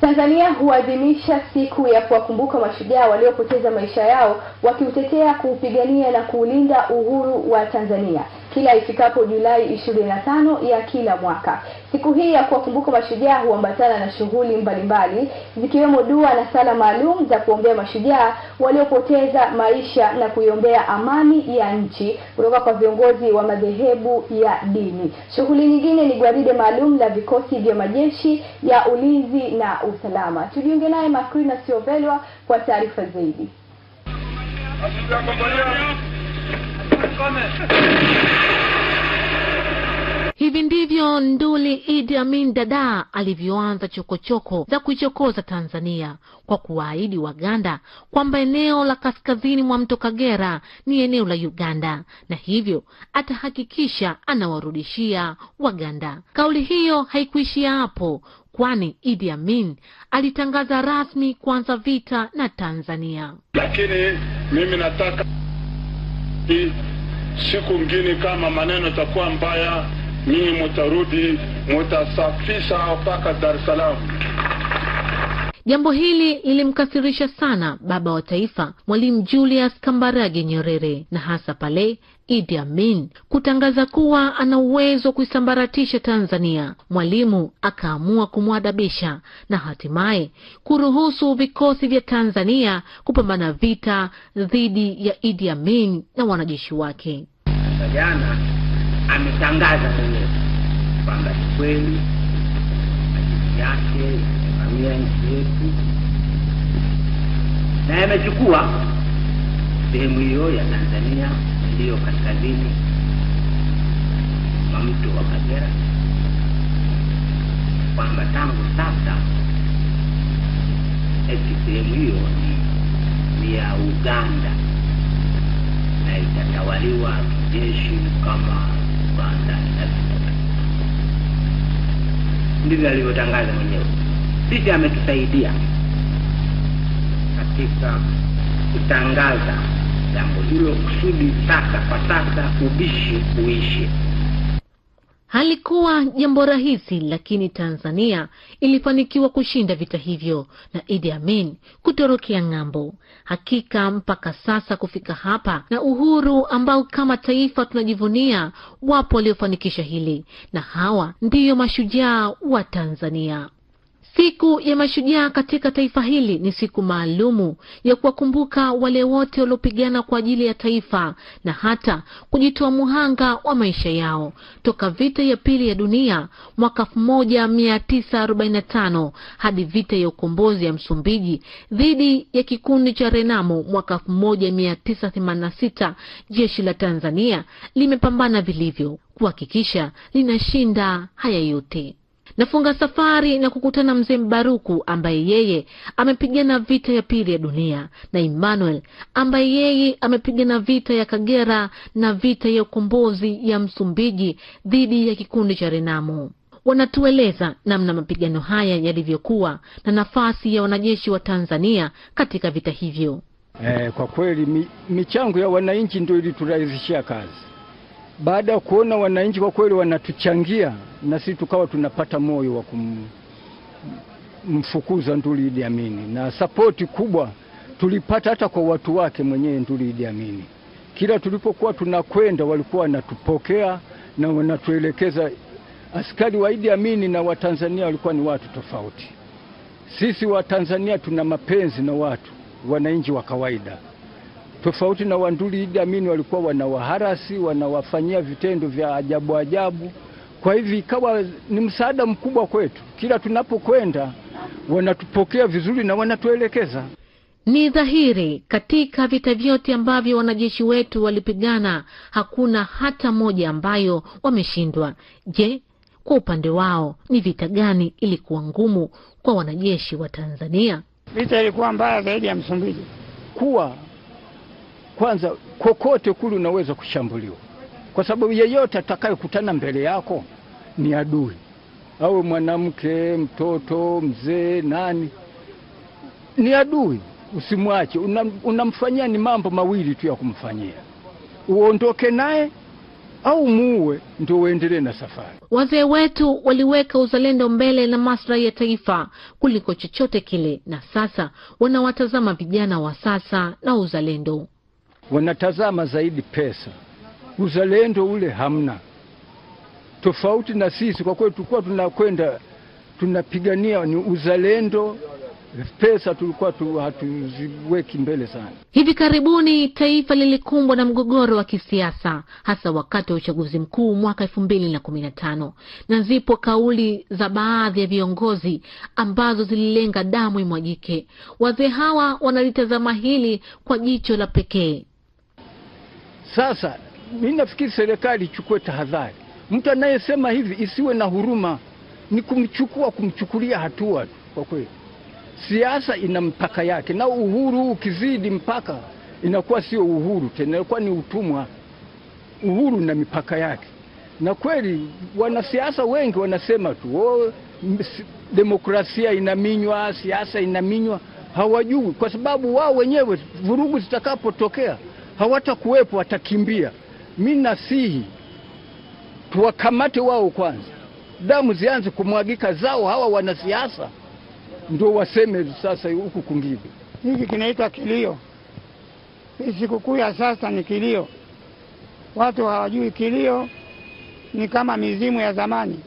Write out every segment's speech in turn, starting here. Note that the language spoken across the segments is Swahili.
Tanzania huadhimisha siku ya kuwakumbuka mashujaa waliopoteza maisha yao wakiutetea, kuupigania na kuulinda uhuru wa Tanzania kila ifikapo Julai ishirini ya kila mwaka. Siku hii ya kuwakumbuka mashujaa huambatana na shughuli mbalimbali zikiwemo dua na sala maalum za kuombea mashujaa waliopoteza maisha na kuiombea amani ya nchi kutoka kwa viongozi wa madhehebu ya dini. Shughuli nyingine ni gwaride maalum la vikosi vya majeshi ya ulinzi na usalama. Tujiunge naye Makrina Siovelwa kwa taarifa zaidi. Hivi ndivyo Nduli Idi Amin Dada alivyoanza chokochoko za kuichokoza Tanzania kwa kuwaahidi Waganda kwamba eneo la kaskazini mwa mto Kagera ni eneo la Uganda na hivyo atahakikisha anawarudishia Waganda. Kauli hiyo haikuishia hapo, kwani Idi Amin alitangaza rasmi kuanza vita na Tanzania. Lakini mimi nataka mtarudi siku ngine, kama maneno itakuwa mbaya, nyinyi mutarudi, mutasafisha mpaka Dar es Salaam. Jambo hili lilimkasirisha sana baba wa taifa Mwalimu Julius Kambarage Nyerere na hasa pale Idi Amin kutangaza kuwa ana uwezo wa kuisambaratisha Tanzania. Mwalimu akaamua kumwadabisha na hatimaye kuruhusu vikosi vya Tanzania kupambana vita dhidi ya Idi Amin na wanajeshi wake. Jana ametangaza mwenyewe kwamba kweli yake juu nchi yetu, na yamechukua sehemu hiyo ya Tanzania iliyo kaskazini mwa mto wa Kagera, kwamba tangu sasa eti sehemu hiyo ni, ni ya Uganda na itatawaliwa kijeshi kama Uganda. Ndivyo alivyotangaza mwenyewe sisi ametusaidia katika kutangaza jambo hilo kusudi sasa kwa sasa ubishi uishi. Halikuwa jambo rahisi, lakini Tanzania ilifanikiwa kushinda vita hivyo na Idi Amin kutorokea ng'ambo. Hakika mpaka sasa kufika hapa na uhuru ambao kama taifa tunajivunia, wapo waliofanikisha hili na hawa ndiyo mashujaa wa Tanzania. Siku ya mashujaa katika taifa hili ni siku maalumu ya kuwakumbuka wale wote waliopigana kwa ajili ya taifa na hata kujitoa muhanga wa maisha yao toka vita ya pili ya dunia mwaka 1945 hadi vita ya ukombozi ya Msumbiji dhidi ya kikundi cha Renamo mwaka 1986. Jeshi la Tanzania limepambana vilivyo kuhakikisha linashinda haya yote. Nafunga safari na kukutana mzee Mbaruku ambaye yeye amepigana vita ya pili ya dunia na Emmanuel ambaye yeye amepigana vita ya Kagera na vita ya ukombozi ya Msumbiji dhidi ya kikundi cha Renamo. Wanatueleza namna mapigano haya yalivyokuwa na nafasi ya wanajeshi wa Tanzania katika vita hivyo. Eh, kwa kweli michango ya wananchi ndio iliturahisishia kazi baada ya kuona wananchi kwa kweli wanatuchangia, na sisi tukawa tunapata moyo wa kumfukuza Nduli Idi Amin, na sapoti kubwa tulipata hata kwa watu wake mwenyewe Nduli Idi Amin. Kila tulipokuwa tunakwenda walikuwa wanatupokea na wanatuelekeza. Askari wa Idi Amin na Watanzania walikuwa ni watu tofauti. Sisi Watanzania tuna mapenzi na watu wananchi wa kawaida tofauti na Wanduli Idi Amin walikuwa wanawaharasi, wanawafanyia vitendo vya ajabu ajabu. Kwa hivyo ikawa ni msaada mkubwa kwetu, kila tunapokwenda wanatupokea vizuri na wanatuelekeza. Ni dhahiri katika vita vyote ambavyo wanajeshi wetu walipigana, hakuna hata moja ambayo wameshindwa. Je, kwa upande wao ni vita gani ilikuwa ngumu kwa wanajeshi wa Tanzania? Vita ilikuwa mbaya zaidi ya Msumbiji kuwa kwanza, kokote kule unaweza kushambuliwa, kwa sababu yeyote atakayekutana mbele yako ni adui, awe mwanamke, mtoto, mzee, nani, ni adui. Usimwache, unamfanyia una ni mambo mawili tu ya kumfanyia, uondoke naye au muue, ndio uendelee na safari. Wazee wetu waliweka uzalendo mbele na maslahi ya taifa kuliko chochote kile, na sasa wanawatazama vijana wa sasa na uzalendo wanatazama zaidi pesa, uzalendo ule hamna. Tofauti na sisi, kwa kweli tulikuwa tunakwenda tunapigania ni uzalendo pesa tulikuwa tu hatuziweki mbele sana. Hivi karibuni taifa lilikumbwa na mgogoro wa kisiasa hasa wakati wa uchaguzi mkuu mwaka elfu mbili na kumi na tano na zipo kauli za baadhi ya viongozi ambazo zililenga damu imwagike. Wazee hawa wanalitazama hili kwa jicho la pekee. Sasa mimi nafikiri serikali ichukue tahadhari, mtu anayesema hivi isiwe na huruma, ni kumchukua kumchukulia hatua. Kwa kweli, siasa ina mpaka yake, na uhuru ukizidi mpaka inakuwa sio uhuru tena, inakuwa ni utumwa. Uhuru na mipaka yake, na kweli wanasiasa wengi wanasema tu oh, demokrasia inaminywa, siasa inaminywa, hawajui kwa sababu wao wenyewe vurugu zitakapotokea hawatakuwepo watakimbia. Mi nasihi tuwakamate wao kwanza, damu zianze kumwagika zao, hawa wanasiasa ndio waseme sasa huku kungivi Hiki kinaitwa kilio. Hii sikukuu ya sasa ni kilio, watu hawajui kilio ni kama mizimu ya zamani.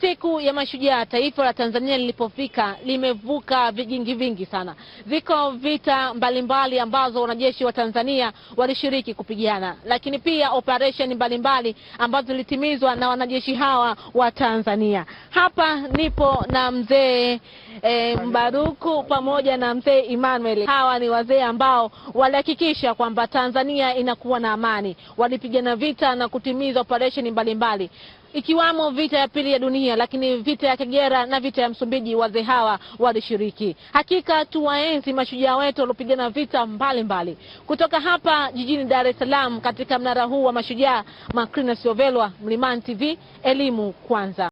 Siku ya Mashujaa, taifa la Tanzania lilipofika limevuka vijingi vingi sana. Viko vita mbalimbali mbali ambazo wanajeshi wa Tanzania walishiriki kupigana, lakini pia operesheni mbalimbali ambazo zilitimizwa na wanajeshi hawa wa Tanzania. Hapa nipo na mzee e, Mbaruku pamoja na mzee Emmanuel. Hawa ni wazee ambao walihakikisha kwamba Tanzania inakuwa na amani, walipigana vita na kutimiza operesheni mbalimbali ikiwamo vita ya pili ya dunia, lakini vita ya Kagera na vita ya Msumbiji wazee hawa walishiriki. Hakika tuwaenzi mashujaa wetu waliopigana vita mbalimbali mbali. Kutoka hapa jijini Dar es Salaam katika mnara huu wa mashujaa, Macrina Siovelwa, Mlimani TV, elimu kwanza.